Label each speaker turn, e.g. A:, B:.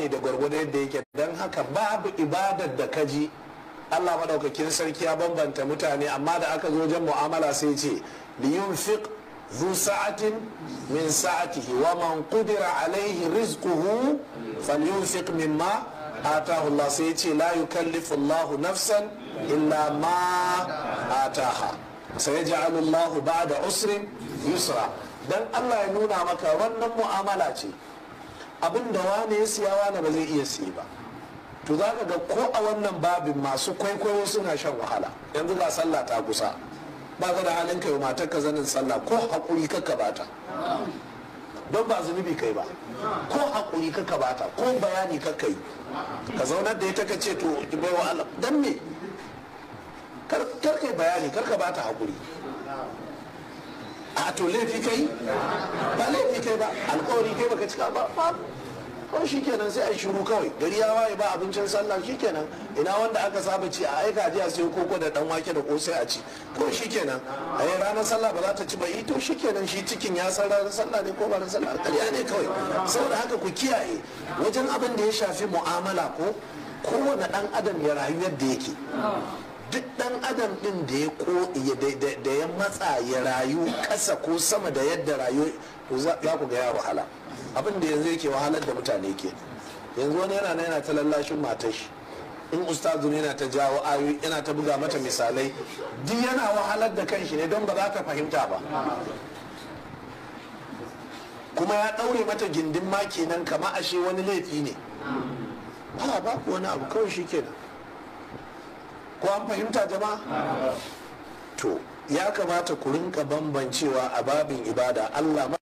A: ne da gwargwadon yadda yake don haka babu ibadar da ka ji Allah madaukakin sarki ya bambanta mutane amma da aka zo wajen mu'amala sai ce liyunfiq zu sa'atin min sa'atihi wa man qudira alaihi rizquhu falyunfiq mimma atahu Allah sai ce la yukallifu Allah nafsan illa ma ataha sayaj'alu Allah ba'da usrin yusra dan Allah ya nuna maka wannan mu'amala ce abin da wane ya siya wane ba zai iya siya ba to za ka ga ko a wannan babin masu kwaikwayo suna shan wahala yanzu ga sallah ta kusa ba ka da halin kai matar ka zanin sallah ko haƙuri kakka ta. don ba zunubi kai ba ko haƙuri kakka ta ko bayani kakka yi ka zaunar da ita ka ce to bai wa Allah dan me kar kai bayani kar ka ta haƙuri a to laifi kai alkawari kai baka cika ba ko kawai shikenan sai a shiru kawai gari ya waye ba abincin sallah kenan ina wanda aka saba ci a aika ji a sayo koko da dan wake da kosai a ci kawai shikenan a yi ranar sallah ba za ta ci ba ito shikenan shi cikin ya san ranar sallah ne ko ba ranar sallah kariya ne kawai saboda haka ku kiyaye wajen abin da ya shafi mu'amala ko kowane dan adam ya rayu yadda yake duk dan adam din da ya ko da ya matsa ya rayu kasa ko sama da yadda rayu za ku ga ya wahala abin da yanzu yake wahalar da mutane ke yanzu wani yana yana ta lallashin matar shi in ustazu yana ta jawo ayoyi yana ta buga mata misalai duk yana wahalar da kanshi ne don ba za ta fahimta ba kuma ya ɗaure mata gindin ma kenan kama ashe wani laifi ne ba ba wani abu kawai shi kenan ko an fahimta jama'a to ya kamata ku rinka bambancewa a babin ibada allah